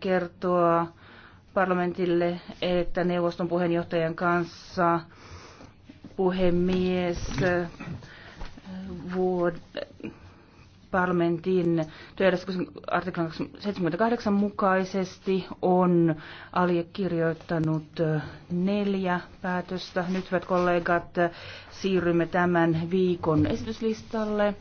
kertoa parlamentille, että neuvoston puheenjohtajan kanssa puhemies vuod- parlamentin työjärjestyksen artiklan 78 mukaisesti on allekirjoittanut neljä päätöstä. Nyt, hyvät kollegat, siirrymme tämän viikon esityslistalle.